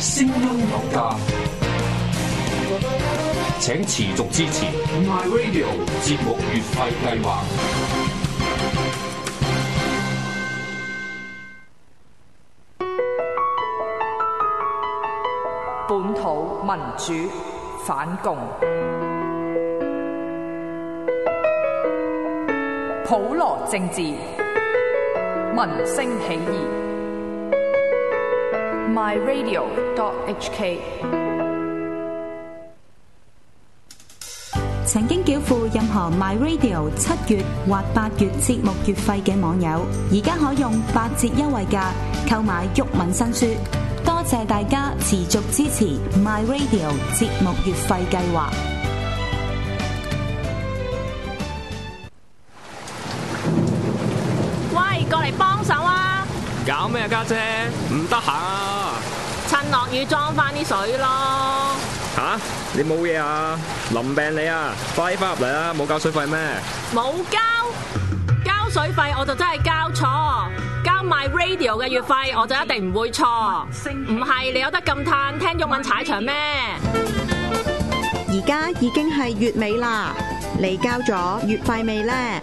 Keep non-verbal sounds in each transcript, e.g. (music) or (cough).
聲音有價，請持續支持 My Radio 節目月費計劃。本土民主反共，普羅政治，民聲起義。My Radio. HK 曾經繳付任何 My Radio 七月或八月節目月費嘅網友，而家可用八折優惠價購買毓民新書。多謝大家持續支持 My Radio 節目月費計劃。喂，過嚟幫手。搞咩家姐，姐？唔得閒啊！趁落雨裝翻啲水咯！吓，你冇嘢啊？淋病你啊？快翻入嚟啊！冇交水費咩？冇交，交水費我就真係交錯，交埋 radio 嘅月費我就一定唔會錯。唔係你有得咁嘆聽郁文踩場咩？而家已經係月尾啦，你交咗月費未咧？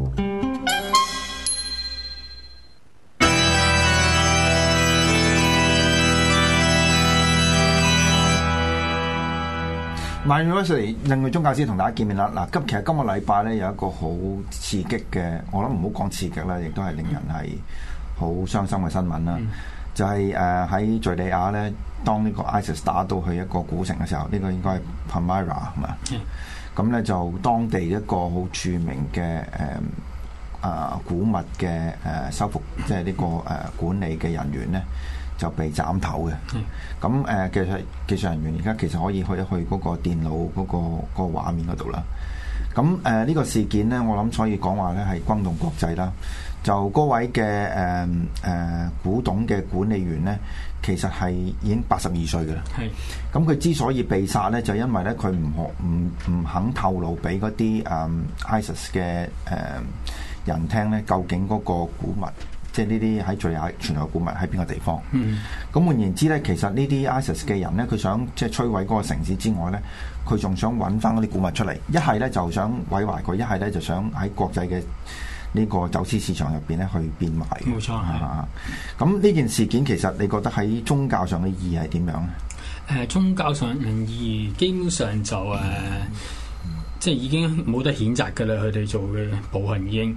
另外，博宗教師同大家見面啦。嗱，今其實今個禮拜咧有一個好刺激嘅，我諗唔好講刺激啦，亦都係令人係好傷心嘅新聞啦。嗯、就係誒喺敍利亞咧，當呢個 ISIS IS 打到去一個古城嘅時候，呢、這個應該係 p a m y r a 係嘛？咁咧、嗯、就當地一個好著名嘅誒啊古物嘅誒修復，即係呢個誒管理嘅人員咧。就被斬頭嘅。咁誒是、嗯，其實技術人員而家其實可以去一去嗰個電腦嗰、嗰個嗰個畫面嗰度啦。咁誒呢個事件呢，我諗可以講話呢係轟動國際啦。就嗰位嘅誒誒古董嘅管理員呢，其實係已經八十二歲嘅啦。係是。咁佢、嗯、之所以被殺呢，就因為呢，佢唔學唔唔肯透露俾嗰啲誒 ISIS 嘅誒、呃、人聽呢，究竟嗰個古物。即係呢啲喺聚下存有古物喺邊個地方？咁換、嗯、言之咧，其實 IS IS 呢啲 ISIS 嘅人咧，佢想即係摧毀嗰個城市之外咧，佢仲想揾翻嗰啲古物出嚟。一係咧就想毀壞佢，一係咧就想喺國際嘅呢個走私市場入邊咧去變賣。冇錯。咁呢件事件其實你覺得喺宗教上嘅意義係點樣咧？誒、呃，宗教上嘅意義基本上就誒、是。嗯即係已經冇得譴責㗎啦！佢哋做嘅步行已經，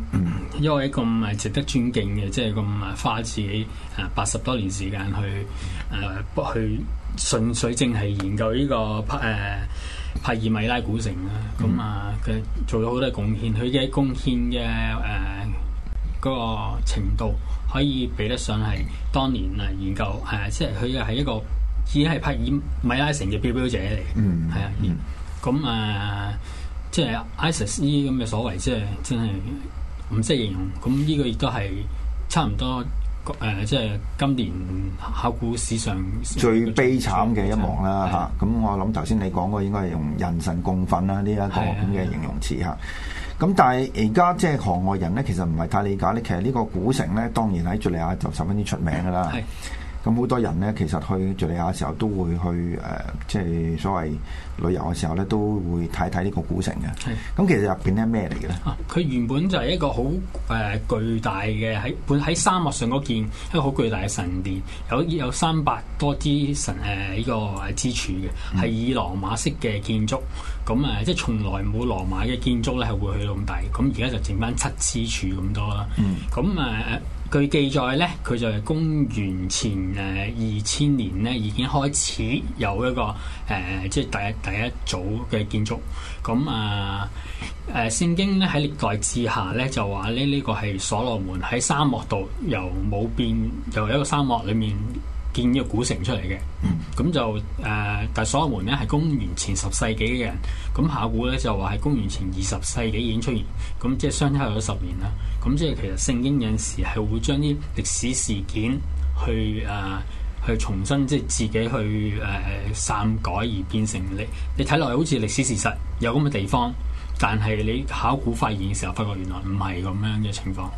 因為咁係值得尊敬嘅，即係咁啊花自己啊八十多年時間去誒，不、呃、去純粹淨係研究呢、這個誒、呃、帕爾米拉古城啦。咁啊，佢做咗好多貢獻，佢嘅貢獻嘅誒嗰個程度，可以比得上係當年啊研究誒、呃，即係佢又係一個已經係帕爾米拉城嘅表表者嚟、嗯。嗯，係啊，咁啊。嗯嗯嗯嗯嗯即係 ISIS 呢啲咁嘅所謂，即係真係唔識形容。咁呢個亦都係差唔多誒、呃，即係今年考古史上，史上最悲慘嘅一幕啦，嚇的！咁、啊、我諗頭先你講過應該係用人神共憤啦，呢、這、一個咁嘅形容詞嚇。咁但係而家即係行外人咧，其實唔係太理解咧。其實呢個古城咧，當然喺敍利亞就十分之出名㗎啦。咁好多人咧，其實去敍利亞嘅時候都會去誒、呃，即係所謂旅遊嘅時候咧，都會睇睇呢個古城嘅。係。咁其實入邊咧咩嚟嘅咧？啊，佢原本就係一個好誒、呃、巨大嘅喺本喺沙漠上嗰件一個好巨大嘅神殿，有有三百多支神誒呢、呃、個支柱嘅，係以羅馬式嘅建築。嗯嗯咁啊，即係從來冇羅馬嘅建築咧，係會去到咁大。咁而家就剩翻七支柱咁多啦。咁啊、嗯，據記載咧，佢就係公元前誒二千年咧，已經開始有一個誒、呃，即係第一第一組嘅建築。咁、嗯、啊，誒、呃，聖經咧喺歷代志下咧就話咧，呢個係所羅門喺沙漠度由冇變，由一個沙漠裏面。建呢個古城出嚟嘅，咁就誒、呃，但所有門咧係公元前十世紀嘅人，咁考古咧就話係公元前二十世紀已經出現，咁即係相差咗十年啦。咁即係其實聖經有陣時係會將啲歷史事件去誒、呃、去重新即係自己去誒刪、呃、改而變成你你睇落去好似歷史事實有咁嘅地方。但係你考古發現嘅時候，發覺原來唔係咁樣嘅情況。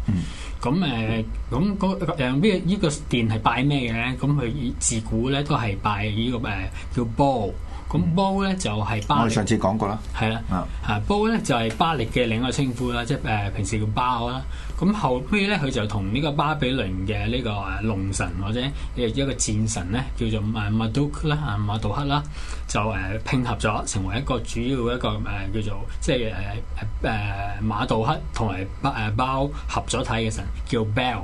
咁誒、嗯，咁嗰咩？呢、呃嗰個呃呢個電係拜咩嘅咧？咁佢自古咧都係拜呢個誒、呃、叫波。咁包咧就係巴，嗯、利我上次講過啦。係啦的，嚇包咧就係巴力嘅另一個稱呼啦，即係誒平時叫包啦。咁、啊、後尾咧佢就同呢個巴比倫嘅呢個、呃、龍神或者一個戰神咧，叫做誒馬杜克啦，馬杜克啦、啊，就誒、呃、拼合咗成為一個主要一個誒、呃、叫做即係誒誒馬杜克同埋包合咗體嘅神叫 Bel，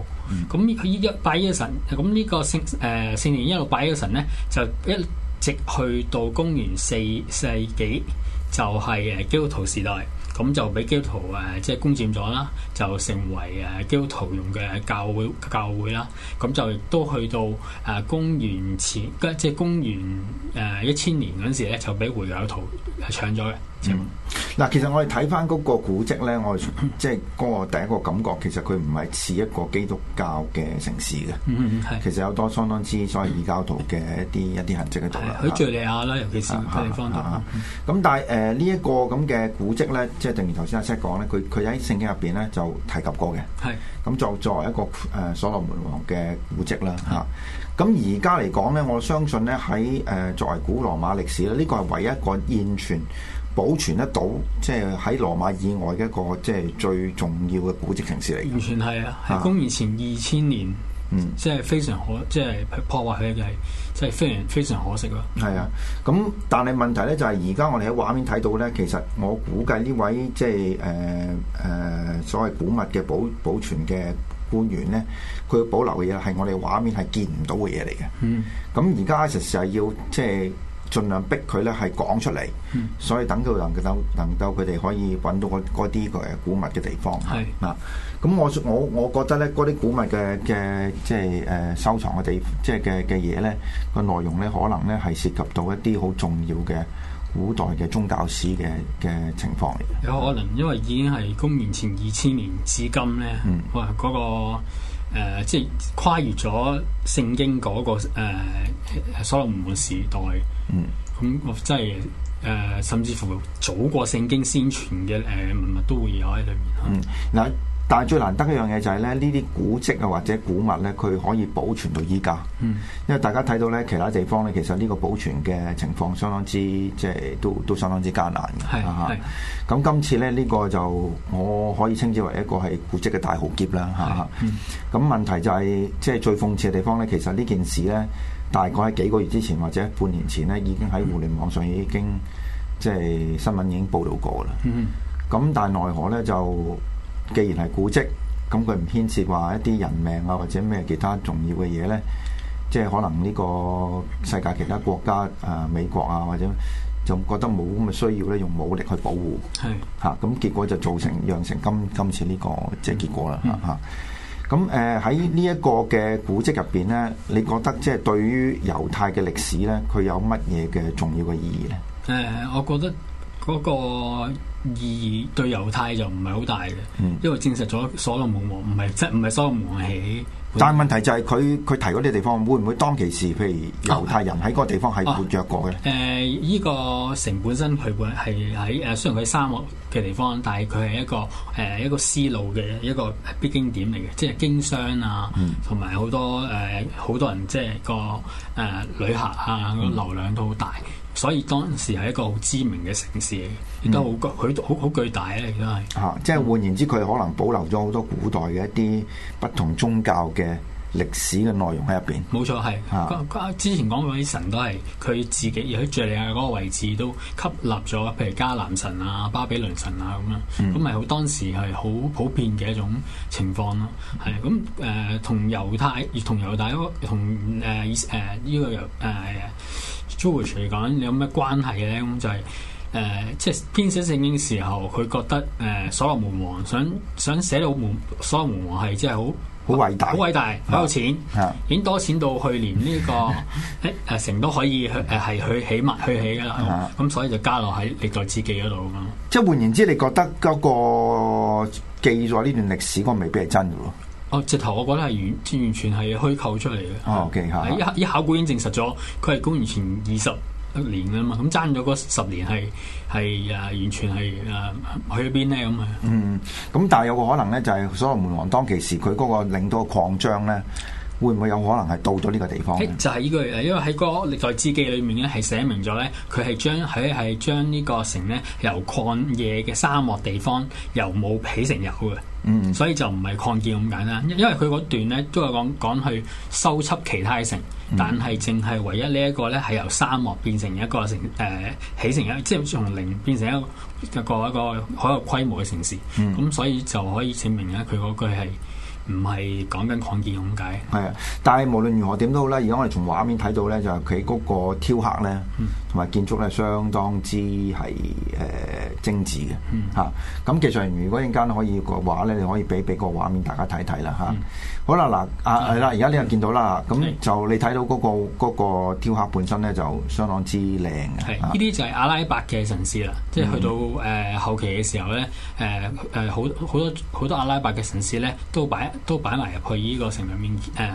咁佢依一拜一個神，咁呢個聖誒、呃、聖年一路拜一個神咧就一。呃直去到公元四世紀，就係誒基督徒時代，咁就俾基督徒誒即係攻佔咗啦，就成為誒基督徒用嘅教會教會啦，咁就都去到誒公元前即係公元誒一千年嗰陣時咧，就俾回教徒搶咗嘅。嗯嗱，其實我哋睇翻嗰個古跡咧，我哋即係嗰個第一個感覺，其實佢唔係似一個基督教嘅城市嘅，其實有多相當之所謂異教徒嘅一啲一啲痕跡喺度。啦，喺敘利亞啦，尤其是嗰啲地方，咁但係誒呢一個咁嘅古跡咧，即係正如頭先阿 Zeke 講咧，佢佢喺聖經入邊咧就提及過嘅。係，咁作為一個誒所羅門王嘅古跡啦，嚇咁而家嚟講咧，我相信咧喺誒作為古羅馬歷史咧，呢個係唯一一個現存。保存得到，即係喺羅馬以外嘅一個即係最重要嘅古蹟城市嚟。完全係啊，係公元前二千年，嗯，即係非常可，即係破壞佢就係，即係非常非常可惜咯。係、嗯、啊，咁但係問題咧就係而家我哋喺畫面睇到咧，其實我估計呢位即係誒誒所謂古物嘅保保存嘅官員咧，佢保留嘅嘢係我哋畫面係見唔到嘅嘢嚟嘅。嗯，咁而家 ISIS 就係要即係。即盡量逼佢咧，係講出嚟，嗯、所以等到能夠能夠佢哋可以揾到嗰啲嘅古物嘅地方係嗱。咁是、啊、我我我覺得咧，嗰啲古物嘅嘅即係誒、呃、收藏嘅地，即係嘅嘅嘢咧個內容咧，可能咧係涉及到一啲好重要嘅古代嘅宗教史嘅嘅情況嚟。有可能因為已經係公元前二千年至今咧，嗯、哇嗰、那個、呃、即係跨越咗聖經嗰、那個所羅、呃、羅門時代。嗯，咁我真係誒，甚至乎早過聖經先傳嘅誒文物都會有喺裏面。嗯，嗱、嗯，嗯、但係最難得一樣嘢就係咧，呢啲、嗯、古迹啊或者古物咧，佢可以保存到依家。嗯，因為大家睇到咧，其他地方咧，其實呢個保存嘅情況相當之，即係都都相當之艱難嘅。係係，咁今次咧呢、這個就我可以稱之為一個係古迹嘅大浩劫啦。吓，咁問題就係、是，即係最諷刺嘅地方咧，其實呢件事咧。大概喺幾個月之前或者半年前呢，已經喺互聯網上已經即係新聞已經報道過啦。咁、mm hmm. 但係奈何呢，就，既然係古蹟，咁佢唔牽涉話一啲人命啊或者咩其他重要嘅嘢呢，即係可能呢個世界其他國家啊、美國啊，或者就覺得冇咁嘅需要呢，用武力去保護，係嚇。咁結果就造成釀成今今次呢、這個即係結果啦嚇。啊 mm hmm. 咁誒喺呢一個嘅古蹟入邊咧，你覺得即係對於猶太嘅歷史咧，佢有乜嘢嘅重要嘅意義咧？誒、嗯，我覺得。嗰個意義對猶太就唔係好大嘅，嗯、因為證實咗所羅門王唔係即係，唔係所羅門起。嗯、來但係問題就係佢佢提嗰啲地方，會唔會當其時，譬如猶太人喺嗰個地方係活躍過嘅？誒、啊，依、啊呃呢個城本身佢係喺誒，雖然佢沙漠嘅地方，但係佢係一個誒、呃、一個絲路嘅一個必經點嚟嘅，即係經商啊，同埋好多誒好、呃、多人即係個誒旅客啊，流量，量都好大。所以當時係一個好知名嘅城市，亦都好巨，佢好好巨大咧，亦都係。啊，即係換言之，佢可能保留咗好多古代嘅一啲不同宗教嘅歷史嘅內容喺入邊。冇錯，係。啊，之前講嗰啲神都係佢自己而喺敍利亞嗰個位置都吸納咗，譬如迦南神啊、巴比倫神啊咁樣，咁咪好，當時係好普遍嘅一種情況咯、啊。係咁誒，同、嗯呃、猶太，同猶大，同誒誒呢個誒。啊啊啊啊啊朱熹嚟講，你有咩關係咧、嗯？就係、是、誒、呃，即係編寫聖經嘅時候，佢覺得誒、呃、所羅門王想想寫到門所羅門王係即係好好偉大，好偉大，好有錢，已經多錢到去年呢、這個誒城、嗯欸啊、都可以誒係、啊、去起密、去起噶啦。咁的所以就加落喺歷代志記嗰度咁咯。即係換言之，你覺得嗰個記載呢段歷史嗰個未必係真嘅喎？哦，直頭我覺得係完，完全係虛構出嚟嘅。哦，OK 一考古已經證實咗，佢係公元前二十一年嘅嘛，咁爭咗嗰十年係係啊，完全係啊去咗邊咧咁啊。嗯，咁但係有個可能咧，就係所羅門王當其時，佢嗰個領導嘅擴張咧。會唔會有可能係到咗呢個地方咧？就係呢句，因為喺、嗰個《歷代志記》裏面咧，係寫明咗咧，佢係將佢係將呢個城咧，由曠野嘅沙漠地方，由冇起成有嘅。嗯。所以就唔係擴建咁簡單，因為佢嗰段咧，都有講講去修葺其他城，嗯、但係淨係唯一呢一個咧，係由沙漠變成一個城，誒、呃、起成一，即、就、係、是、從零變成一個一個一個好有規模嘅城市。嗯。咁所以就可以證明咧，佢嗰句係。唔係講緊擴建咁解，係啊。但係無論如何點都好啦，而家我哋從畫面睇到咧，就係佢嗰個雕刻咧，同埋、嗯、建築咧，相當之係誒、呃、精緻嘅嚇。咁、嗯啊、其實如果陣間可以嘅話咧，你可以俾俾個畫面大家睇睇啦嚇。啊嗯好啦，嗱啊，係、啊、啦，而家你又見到啦，咁就你睇到嗰、那個嗰、那個雕刻本身咧，就相當之靚嘅、啊。係，呢啲就係阿拉伯嘅城市啦，嗯、即係去到誒、呃、後期嘅時候咧，誒誒好好多好多阿拉伯嘅城市咧，都擺都擺埋入去呢個城裡面誒去、呃、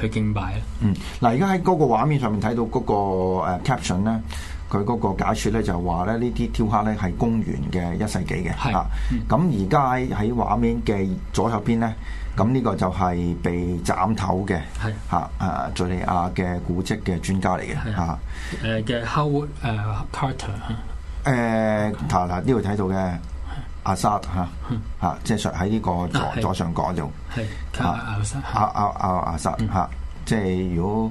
去，去敬拜啦。嗯，嗱、啊，而家喺嗰個畫面上面睇到嗰個 caption 咧。佢嗰個解説咧，就話咧，呢啲雕刻咧係公元嘅一世紀嘅嚇，咁而家喺喺畫面嘅左手邊咧，咁呢個就係被斬頭嘅嚇，誒敍利亞嘅古蹟嘅專家嚟嘅嚇，誒嘅 Howard 誒 Carter 誒，嗱嗱呢度睇到嘅阿薩嚇嚇，即係喺呢個左左上角度，係阿阿阿阿薩嚇，即係如果。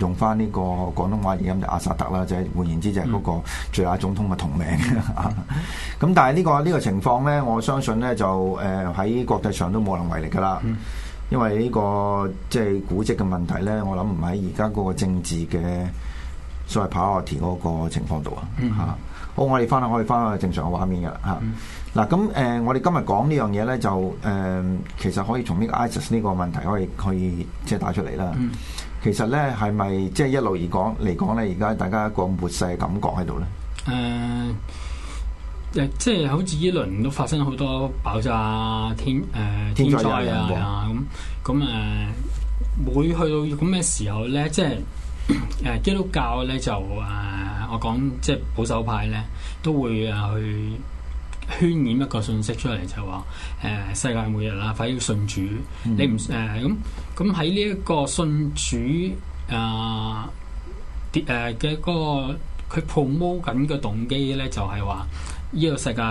用翻呢個廣東話語音就阿薩特啦，即、就、係、是、換言之就係嗰個敍亞總統嘅同名。咁、mm hmm. (laughs) 但係呢、這個呢、這個情況咧，我相信咧就誒喺國際上都冇能為力噶啦。Mm hmm. 因為呢、這個即係、就是、古跡嘅問題咧，我諗唔喺而家嗰個政治嘅所謂 priority 嗰個情況度、mm hmm. 啊。好，我哋翻去可以翻去正常嘅畫面噶啦。嗱、mm，咁、hmm. 誒、啊呃、我哋今日講呢樣嘢咧，就誒、呃、其實可以從呢個 ISIS 呢個問題可以可以即係、就是、打出嚟啦。Mm hmm. 其實咧，係咪即係一路而講嚟講咧？而家大家一個末世嘅感覺喺度咧。誒誒、呃，即係好似依輪都發生好多爆炸天誒、呃、天災啊咁咁誒，每去到咁嘅時候咧，即係誒、呃、基督教咧就誒、呃、我講即係保守派咧都會誒去。渲染一個信息出嚟就話誒、呃、世界末日啦，快要信主。嗯、你唔誒咁咁喺呢一個信主啊啲嘅嗰個佢 promote 緊嘅動機咧，就係話呢個世界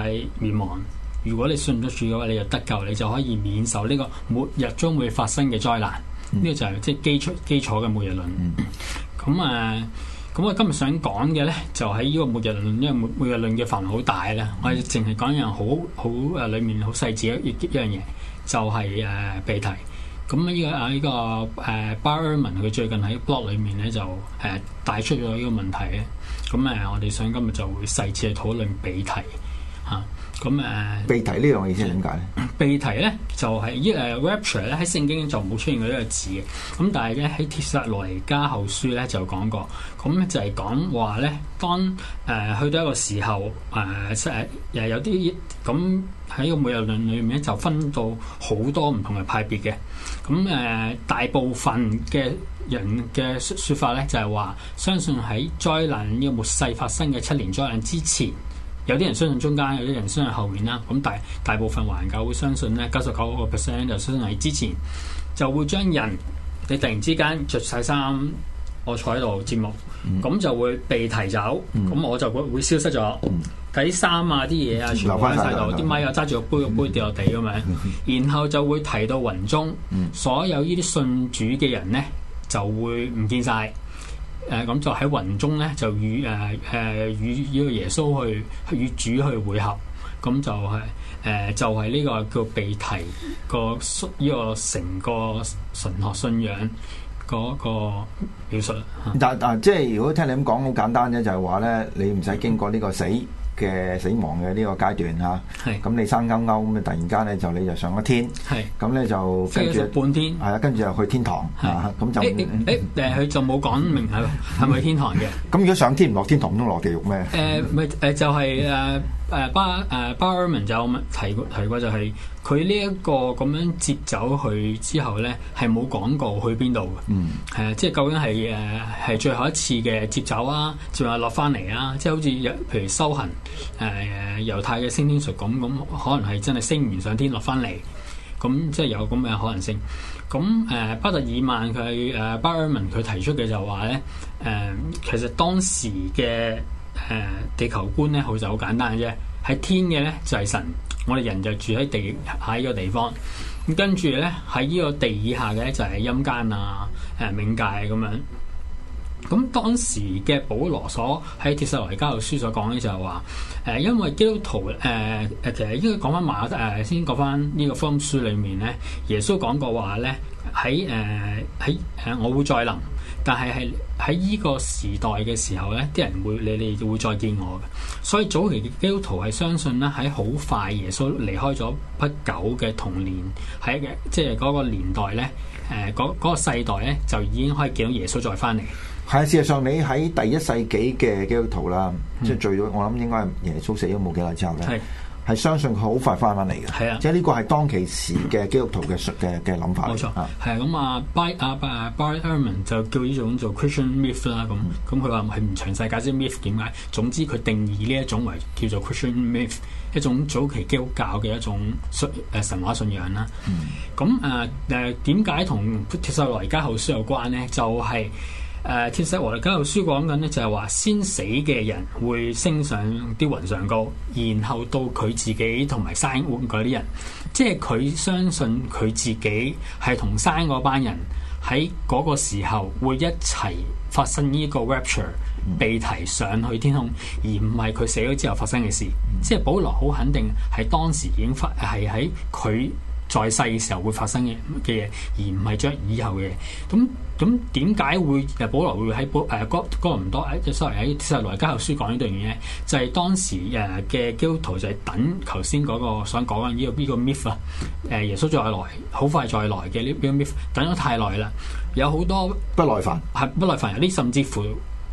滅亡。如果你信唔到主嘅話，你就得救，你就可以免受呢個末日將會發生嘅災難。呢、嗯、個就係即係基礎基礎嘅末日論。咁啊～咁我今日想講嘅咧，就喺呢個末日論，因為末末日論嘅範圍好大咧，我淨係講一樣好好誒，裡面好細緻一一樣嘢，就係誒被提。咁、呃、呢、呢個啊呢個誒 Barman 佢最近喺 blog 裡面咧就誒、呃、帶出咗呢個問題咧。咁誒，我哋想今日就會細緻去討論被提嚇。咁、啊、誒，被提、呃、呢樣嘢先點解咧？被提咧，就係依誒 Rapture 咧，喺聖經就冇出現過呢個字嘅，咁但係咧喺《帖撒羅尼迦後書》咧就講過，咁就係講話咧，當誒、呃、去到一個時候誒誒、呃、有啲咁喺個末日論裏面就分到好多唔同嘅派別嘅，咁誒、呃、大部分嘅人嘅説法咧就係、是、話，相信喺災難要末世發生嘅七年災難之前。有啲人相信中間，有啲人相信後面啦。咁大大部分還教會相信咧，九十九個 percent 就相信喺之前，就會將人你突然之間着晒衫，我坐喺度節目，咁、嗯、就會被提走，咁、嗯、我就會消失咗。睇衫、嗯、啊，啲嘢啊，全留晒喺度。啲米又揸住個杯，嗯、個杯掉落地咁樣，嗯、然後就會提到雲中。嗯、所有呢啲信主嘅人咧，就會唔見晒。誒咁、嗯、就喺雲中咧，就與誒誒、呃呃、與呢個耶穌去與主去會合，咁、嗯、就係誒、呃、就係、是、呢個叫被提，這個呢個成個神學信仰嗰個表述。嗯、但嗱即係如果聽你咁講，好簡單啫，就係話咧，你唔使經過呢個死。嘅死亡嘅呢個階段嚇，咁是你生勾勾咁突然間咧就你就上咗天，咁咧是就跟住半天，係啦，跟住又去天堂嚇，咁是、啊、就誒誒，佢就冇講明係咪天堂嘅？咁 (laughs) 如果上天唔落天堂，唔通落地獄咩？誒咪誒就係、是、誒。Uh, (laughs) 誒巴誒巴爾文就咁提，提過提過，就係佢呢一個咁樣接走佢之後咧，係冇講過去邊度嘅。誒、嗯啊，即係究竟係誒係最後一次嘅接走啊，接話落翻嚟啊？即係好似譬如修行誒、啊、猶太嘅升天術咁，咁可能係真係升完上天落翻嚟，咁即係有咁嘅可能性。咁誒、啊、巴特爾曼佢誒、啊、巴爾文佢提出嘅就話咧，誒、啊、其實當時嘅。誒，地球觀咧好就好簡單嘅啫，喺天嘅咧就係神，我哋人就住喺地喺呢個地方，咁跟住咧喺呢個地以下嘅就係陰間啊，誒冥界，咁樣。咁當時嘅保羅所喺《帖撒羅尼迦書所、就是》所講嘅就係話，誒因為基督徒，誒、呃、誒其實應該講翻馬，誒、呃、先講翻呢個福音書裏面咧，耶穌講過話咧喺誒喺誒我會再臨。但係係喺依個時代嘅時候咧，啲人會你哋會再見我嘅，所以早期基督徒係相信咧喺好快耶穌離開咗不久嘅童年，喺嘅即係嗰個年代咧，誒、嗰、嗰個世代咧就已經可以見到耶穌再翻嚟。係事實上，你喺第一世紀嘅基督徒啦，即係最早我諗應該係耶穌死咗冇幾耐之後咧。係相信佢好快翻翻嚟嘅，係啊，即係呢個係當其時嘅基督徒嘅嘅嘅諗法。冇錯，係啊，咁啊，By 阿 By Ehrman 就叫呢種做 Christian myth 啦。咁咁佢話係唔詳細解釋 myth 點解，總之佢定義呢一種為叫做 Christian myth 一種早期基督教嘅一種信誒神話信仰啦。咁誒誒點解同帖撒羅尼迦後書有關咧？就係、是。誒《天使和教父書》講緊咧就係話，先死嘅人會升上啲雲上高，然後到佢自己同埋生還嗰啲人，即係佢相信佢自己係同生還嗰班人喺嗰個時候會一齊發生呢個 rapture，mm hmm. 被提上去天空，而唔係佢死咗之後發生嘅事。Mm hmm. 即係保羅好肯定係當時已經發係喺佢。在世嘅時候會發生嘅嘅嘢，而唔係將以後嘅。咁咁點解會？誒，保羅會喺保誒哥哥林多一隻、哎、sorry 喺《帖撒羅尼迦後書》講呢段嘢，就係、是、當時誒嘅、呃、基督徒就係等頭先嗰個想講緊呢、這個邊、呢個 myth 啊、呃？誒，耶穌再來，好快再來嘅呢邊 myth 等咗太耐啦，有好多不耐內煩，係不耐煩，有啲甚至乎。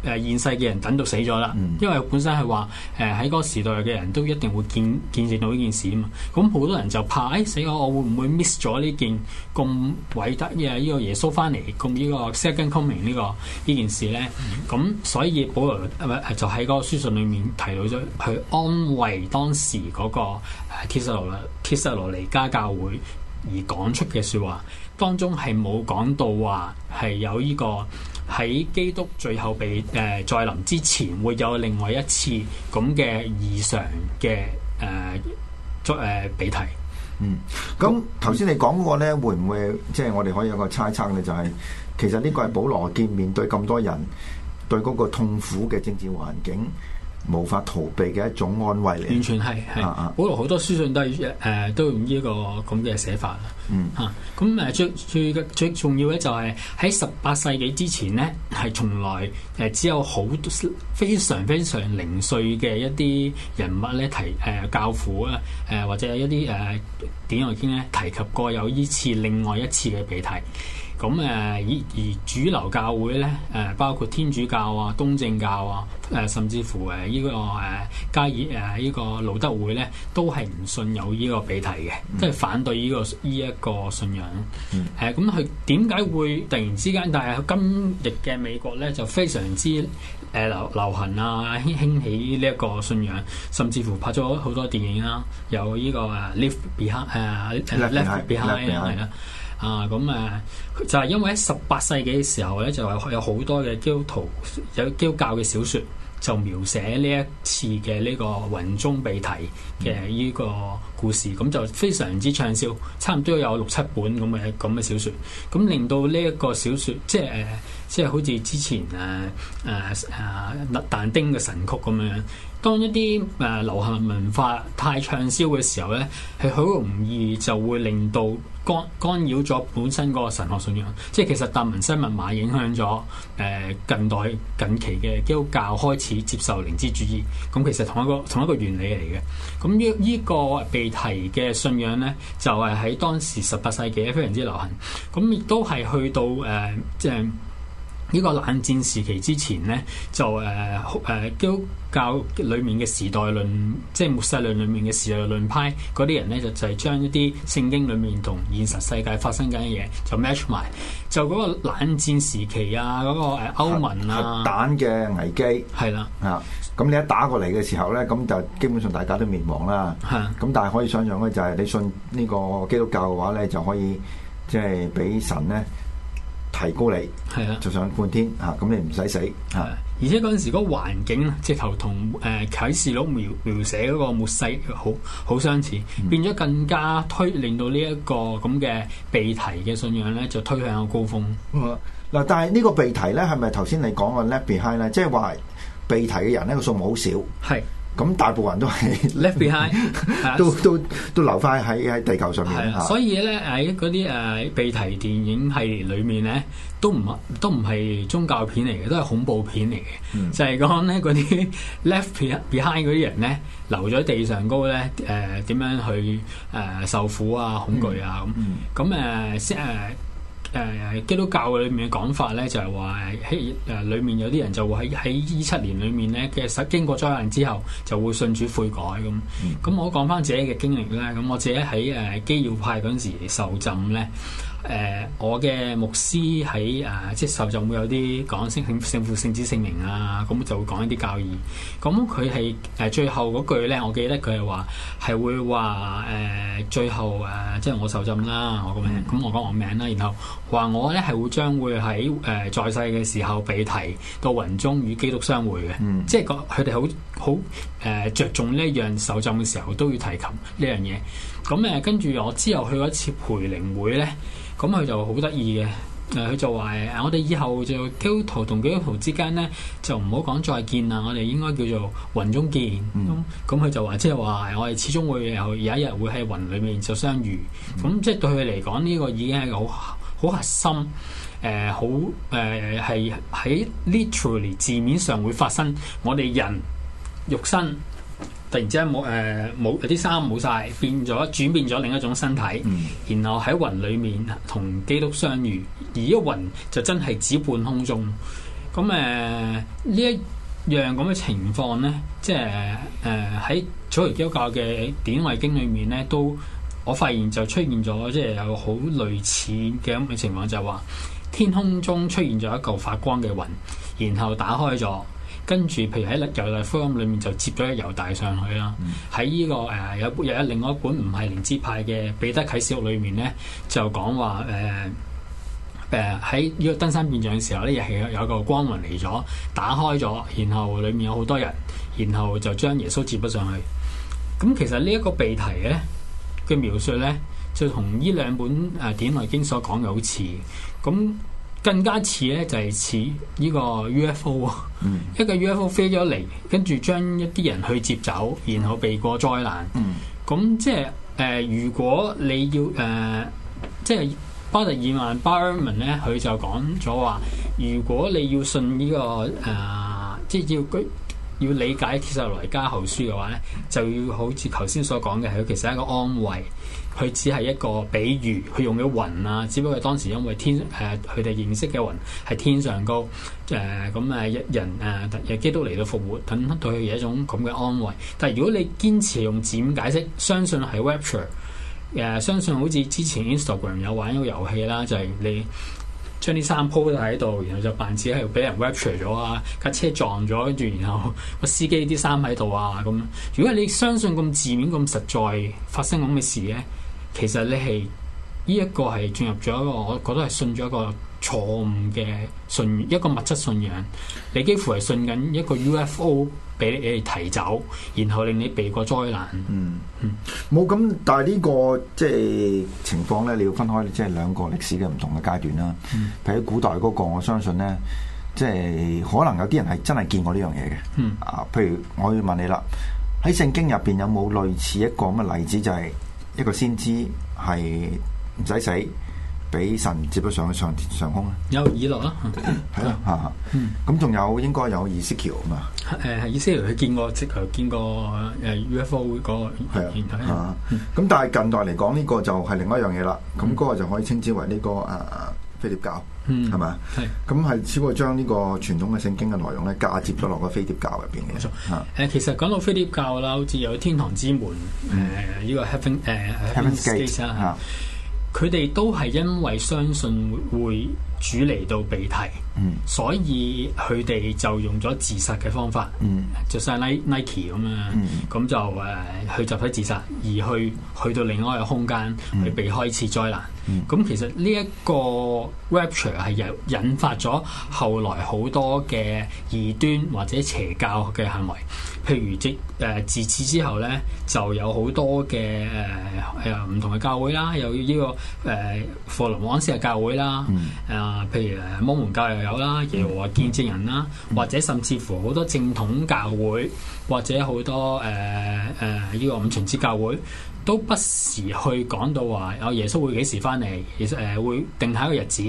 誒現世嘅人等到死咗啦，因為本身係話誒喺嗰個時代嘅人都一定會見見證到呢件事啊嘛。咁、嗯、好多人就怕誒、哎、死咗，我會唔會 miss 咗呢件咁偉大嘅呢個耶穌翻嚟，咁呢個 second coming 呢、呢個呢件事咧？咁、嗯嗯、所以保羅唔係就喺嗰個書信裡面提到咗，去安慰當時嗰、那個誒帖撒羅啦，帖撒羅尼迦教會而講出嘅説話，當中係冇講到話係有呢、呢個。喺基督最後被誒再、呃、臨之前，會有另外一次咁嘅異常嘅誒作被提。嗯，咁頭先你講嗰個咧，會唔會即係、就是、我哋可以有個猜測嘅、就是，就係其實呢個係保羅見面對咁多人，對嗰個痛苦嘅政治環境。無法逃避嘅一種安慰嚟，完全係係啊！保羅好多書信都係誒、呃，都用呢個咁嘅寫法，嗯嚇，咁誒、啊、最最最重要咧，就係喺十八世紀之前咧，係從來誒只有好非常非常零碎嘅一啲人物咧提誒、呃、教父啊誒、呃、或者係一啲誒、呃、典外經咧提及過有呢次另外一次嘅被提。咁誒而而主流教會咧，誒包括天主教啊、東正教啊，誒甚至乎誒、這、依個誒加爾誒依個路德會咧，都係唔信有呢個被提嘅，即係反對呢、這個依一、這個信仰。誒咁佢點解會突然之間？但係今日嘅美國咧就非常之誒流流行啊，興起呢一個信仰，甚至乎拍咗好多電影啊，有呢個誒 Left Behind 啦。啊，咁誒、啊，就係、是、因為喺十八世紀嘅時候咧，就係有好多嘅基督徒有基督教嘅小說，就描寫呢一次嘅呢個雲中被提嘅呢個。故事咁就非常之暢銷，差唔多有六七本咁嘅咁嘅小說。咁令到呢一個小說，即係誒，即係好似之前誒誒誒但丁嘅神曲咁樣，當一啲誒、啊、流行文化太暢銷嘅時候咧，係好容易就會令到干干擾咗本身個神學信仰。即係其實達文西密碼影響咗誒近代近期嘅基督教開始接受靈知主義，咁其實同一個同一個原理嚟嘅。咁呢呢個被提嘅信仰咧，就係、是、喺當時十八世紀非常之流行，咁亦都係去到誒，即係呢個冷戰時期之前咧，就誒誒基督教裏面嘅時代論，即係末世論裏面嘅時代論派嗰啲人咧，就就係將一啲聖經裏面同現實世界發生緊嘅嘢就 match 埋，就嗰個冷戰時期啊，嗰、那個誒歐盟啊核彈嘅危機係啦啊。咁你一打過嚟嘅時候咧，咁就基本上大家都滅亡啦。咁、啊、但係可以想象咧，就係你信呢個基督教嘅話咧，就可以即係俾神咧提高你，係啦、啊，做上半天吓，咁、啊、你唔使死吓。啊啊、而且嗰陣時嗰個環境咧，直頭同誒啟示錄描描寫嗰個末世好好相似，變咗更加推，令到呢一個咁嘅被提嘅信仰咧，就推向個高峰。嗱、啊嗯，但係呢個被提咧，係咪頭先你講個 Left Behind 咧，即係話？被提嘅人咧個數目好少，係咁是大部分都係 left behind，uh, 都都都留翻喺喺地球上面。啊啊、所以咧喺嗰啲誒被提電影系列裏面咧，都唔都唔係宗教片嚟嘅，都係恐怖片嚟嘅，嗯、就係講咧嗰啲 left behind 嗰啲人咧，留咗喺地上高咧誒點樣去誒、uh, 受苦啊、恐懼啊咁咁誒誒。嗯嗯誒基督教裏面嘅講法咧，就係話誒喺誒裏面有啲人就會喺喺呢七年裏面咧嘅，實經過災難之後就會信主悔改咁。咁、嗯、我講返自己嘅經歷啦，咁我自己喺誒基要派嗰陣時受浸咧。誒、呃，我嘅牧師喺誒、呃、即受浸會有啲講聖聖父聖子姓名啊，咁、嗯、就會講一啲教義。咁佢係誒最後嗰句咧，我記得佢係話係會話誒最後誒、呃、即我受浸啦，我個、嗯、名咁我講我名啦，然後話我咧係會將會喺誒、呃、在世嘅時候被提到雲中與基督相會嘅，嗯、即係佢哋好好誒着重呢一樣，受浸嘅時候都要提琴呢樣嘢。咁誒跟住我之後去一次培靈會咧。呢呢呢呢呢呢呢呢咁佢就好得意嘅，誒、呃、佢就話誒，我哋以後就基督徒同基督徒之間咧，就唔好講再見啦，我哋應該叫做雲中見。咁佢、嗯、就話，即係話我哋始終會有有一日會喺雲裡面就相遇。咁、嗯、即係對佢嚟講，呢個已經係好好核心，誒、呃、好誒係喺、呃、literally 字面上會發生。我哋人肉身。突然之間冇誒冇啲衫冇晒，變咗轉變咗另一種身體，嗯、然後喺雲裏面同基督相遇，而依個雲就真係指半空中。咁誒，呢一樣咁嘅情況咧，即係誒喺早期基督教嘅典外經裏面咧，都我發現就出現咗，即係有好類似嘅咁嘅情況，就話、係、天空中出現咗一嚿發光嘅雲，然後打開咗。跟住，譬如喺《猶大福音》裏面就接咗一個猶大上去啦。喺呢、嗯，這個誒、呃、有又有另外一本唔係靈知派嘅《彼得啟示錄》裏面咧，就講話誒誒喺呢個登山變像嘅時候咧，又係有有個光雲嚟咗，打開咗，然後裏面有好多人，然後就將耶穌接咗上去。咁、嗯、其實呢一個被提咧嘅描述咧，就同呢兩本誒、呃、典內經所講嘅好似咁。嗯更加似咧就係似呢個 UFO，啊、嗯。一個 UFO 飛咗嚟，跟住將一啲人去接走，然後避過災難。咁、嗯、即係誒、呃，如果你要誒、呃，即係巴特爾曼 Bultmann 咧，佢就講咗話，如果你要信呢、呢個誒、呃，即係要要理解《帖撒羅尼迦後書》嘅話咧，就要好似頭先所講嘅，佢其實係一個安慰。佢只係一個比喻，佢用咗雲啊，只不過當時因為天誒，佢、呃、哋認識嘅雲係天上高誒，咁誒一人誒，但、呃、係基督嚟到復活，等對佢有一種咁嘅安慰。但係如果你堅持用字面解釋，相信係 rapture 誒、呃，相信好似之前 Instagram 有玩一個遊戲啦，就係、是、你。將啲衫鋪喺度，然後就扮似喺度俾人 rapture 咗啊！架車撞咗，跟住然後個司機啲衫喺度啊，咁。如果你相信咁字面咁實在發生咁嘅事咧，其實你係呢一個係進入咗一個，我覺得係信咗一個。錯誤嘅信一個物質信仰，你幾乎係信緊一個 UFO 俾你，你提走，然後令你避過災難。嗯嗯，冇咁、嗯，但係、這個、呢個即係情況咧，你要分開即係兩個歷史嘅唔同嘅階段啦。嗯，喺古代嗰、那個，我相信咧，即係可能有啲人係真係見過呢樣嘢嘅。嗯啊，譬如我要問你啦，喺聖經入邊有冇類似一個乜例子，就係、是、一個先知係唔使死？俾神接咗上去上天空啊，有以諾啦，係啦，咁仲有應該有以西結啊嘛，以西結，佢見過，見過誒 UFO 嗰個現啊，咁但係近代嚟講呢個就係另外一樣嘢啦，咁嗰個就可以稱之為呢個誒飛碟教，係咪？咁係只不過將呢個傳統嘅聖經嘅內容咧嫁接咗落個飛碟教入邊嘅，誒其實講到飛碟教啦，好似有天堂之門誒呢個 Heaven 誒 Heaven's Gate 啊。佢哋都係因為相信會主離到被提，嗯、所以佢哋就用咗自殺嘅方法、嗯、著晒 Nike 咁啊，咁、嗯、就誒去集體自殺，而去去到另外一個空間、嗯、去避開一次災難。咁、嗯嗯、其實呢一個 Rapture 係引引發咗後來好多嘅異端或者邪教嘅行為。譬如即誒自此之後呢，就有好多嘅誒誒唔同嘅教會啦，有呢、呢個誒、呃、佛羅王斯嘅教會啦，誒、嗯呃、譬如誒摩門教又有啦，耶和華見證人啦，嗯、或者甚至乎好多正統教會或者好多誒誒呢個五旬節教會都不時去講到話，有耶穌會幾時翻嚟，其實誒會定下一個日子。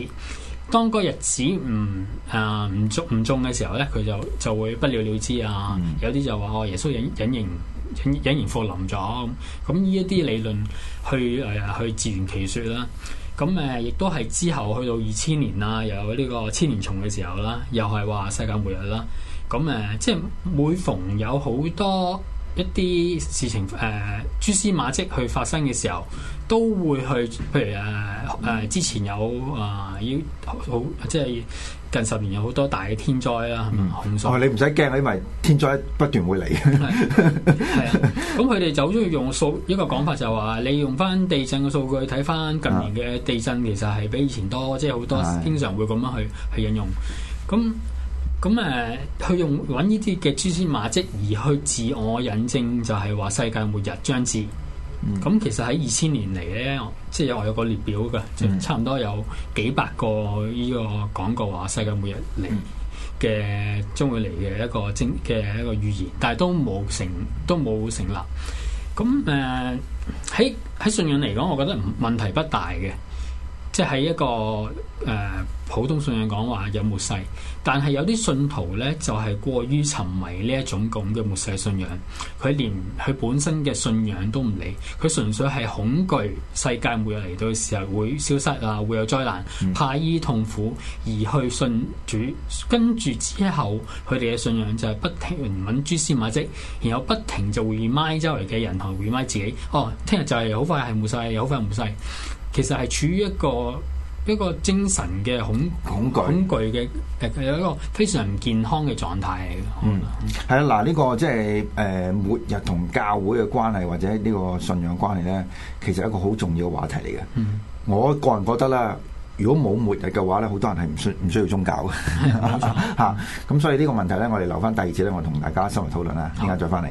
當個日子唔誒唔足唔中嘅時候咧，佢就就會不了了之啊！Mm. 有啲就話哦，耶穌隱隱形隱隱形復臨咗，咁依一啲理論去誒、uh, 去自圓其説啦。咁誒、啊、亦都係之後去到二千年啦，又有呢個千年蟲嘅時候啦，又係話世界末日啦。咁誒、啊、即係每逢有好多。一啲事情誒、呃、蛛絲馬跡去發生嘅時候，都會去譬如誒誒、呃呃、之前有啊、呃，要好即係近十年有好多大嘅天災啦，係咪？哦，你唔使驚，因為天災不斷會嚟。係、嗯、 (laughs) 啊，咁佢哋就好中意用數一個講法、就是，就係話你用翻地震嘅數據睇翻近年嘅地震，其實係比以前多，即係好多經常會咁樣去去引用。咁咁誒，去用揾呢啲嘅蛛絲馬跡而去自我引證，就係話世界末日將至。咁其實喺二千年嚟咧，即係我有個列表嘅，就差唔多有幾百個呢個廣告話世界末日嚟嘅，將、嗯、會嚟嘅一個精嘅一個預言，但係都冇成，都冇成立。咁誒喺喺信仰嚟講，我覺得問題不大嘅。即係一個誒、呃、普通信仰講話有末世，但係有啲信徒咧就係、是、過於沉迷呢一種咁嘅末世信仰，佢連佢本身嘅信仰都唔理，佢純粹係恐懼世界末日嚟到嘅時候會消失啊，會有災難、嗯、怕醫痛苦而去信主，跟住之後佢哋嘅信仰就係不停揾蛛絲馬跡，然後不停就會 remind 周圍嘅人同埋 remind 自己。哦，聽日就係好快係末世，又好快係末世。其實係處於一個一個精神嘅恐恐懼懼嘅，誒有、呃、一個非常唔健康嘅狀態嚟嘅。嗯，係啦，嗱呢個即係誒末日同教會嘅關係或者呢個信仰關係咧，其實係一個好重要嘅話題嚟嘅。嗯，我個人覺得啦，如果冇末日嘅話咧，好多人係唔需唔需要宗教嘅。吓， (laughs) 咁、嗯、 (laughs) 所以呢個問題咧，我哋留翻第二節咧，我同大家深入討論啦。下再翻嚟。